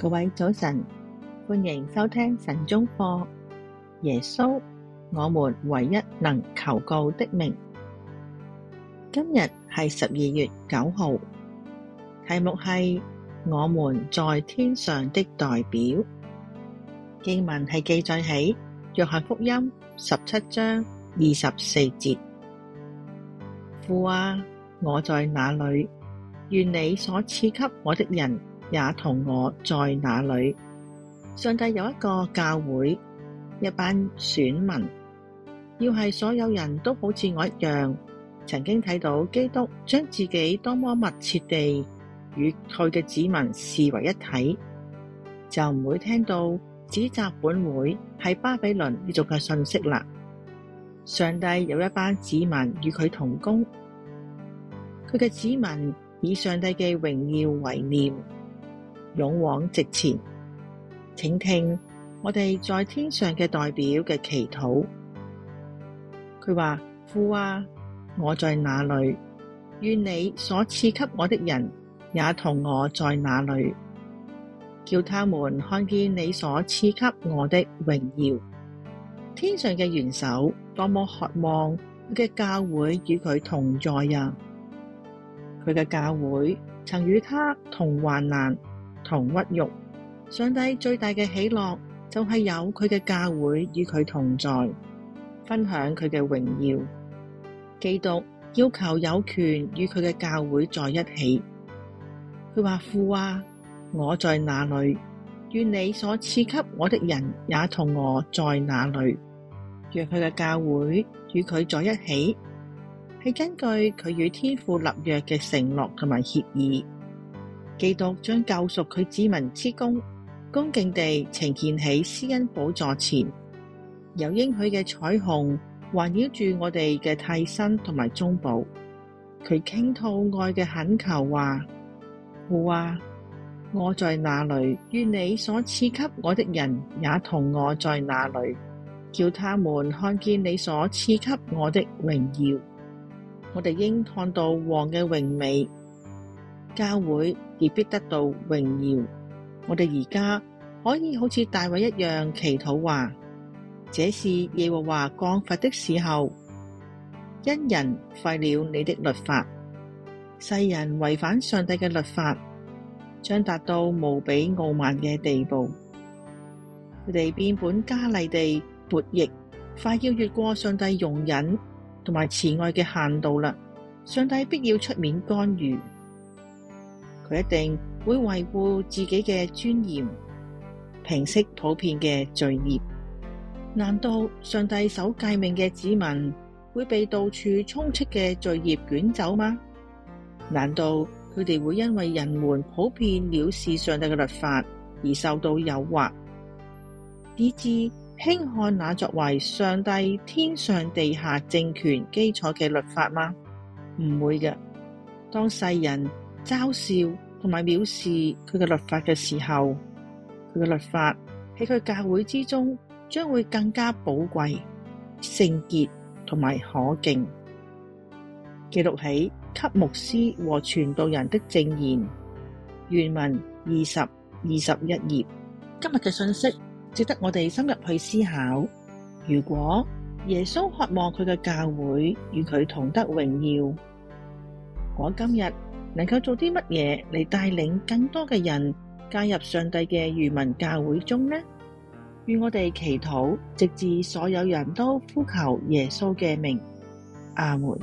各位早晨，歡迎收聽晨鐘課。耶穌，我們唯一能求告的名。今日係十二月九號，題目係我們在天上的代表。經文係記載喺約翰福音十七章二十四節。父啊，我在那裏，願你所賜給我的人，也同我在那裏。上帝有一個教會，一班選民。要係所有人都好似我一樣，曾經睇到基督將自己多麼密切地與佢嘅子民視為一體，就唔會聽到指責本會係巴比倫呢種嘅信息啦。上帝有一班子民與佢同工，佢嘅子民以上帝嘅榮耀為念。勇往直前，請聽我哋在天上嘅代表嘅祈禱。佢話，父啊，我在哪裏？願你所賜給我的人也同我在哪裏，叫他們看見你所賜給我的榮耀。天上嘅元首多麼渴望佢嘅教會與佢同在呀！佢嘅教會曾與他同患難，同屈辱，上帝最大嘅喜樂就係有佢嘅教會與佢同在，分享佢嘅榮耀。基督要求有權與佢嘅教會在一起。佢話父啊，我在哪裏，願你所賜給我的人也同我在哪裏。若佢嘅教會與佢在一起，係根據佢與天父立約嘅承諾同埋協議。基督將救贖佢子民之功，恭敬地呈獻喺施恩寶座前，由應許嘅彩虹環繞住我哋嘅替身同埋中保。佢傾吐愛嘅懇求話：父啊，我在那裡，願你所賜給我的人也同我在那裡，叫他們看見你所賜給我的榮耀。我哋應看到王嘅榮美。教會亦必得到榮耀。我哋而家可以好似大衛一樣祈禱，話這是耶和華降罰的時候，因人廢了你的律法，世人違反上帝嘅律法，將達到無比傲慢嘅地步。佢哋變本加厲地悖逆，快要越過上帝容忍同埋慈愛嘅限度啦。上帝必要出面干預。佢一定會維護自己嘅尊嚴，平息普遍嘅罪孽。難道上帝守誡命嘅子民會被到處充斥嘅罪孽捲走嗎？難道佢哋會因為人們普遍藐視上帝嘅律法而受到誘惑，以至輕看那作為上帝天上地下政權基礎嘅律法嗎？唔會嘅，當世人。嘲笑同埋藐視佢嘅律法嘅時候，佢嘅律法喺佢教會之中將會更加寶貴、聖潔同埋可敬。記錄喺給牧師和傳道人的證言，原文二十二十一頁。今日嘅信息值得我哋深入去思考。如果耶穌渴望佢嘅教會與佢同得榮耀，我今日。能夠做啲乜嘢嚟帶領更多嘅人加入上帝嘅漁民教會中呢？願我哋祈禱，直至所有人都呼求耶穌嘅名。阿門。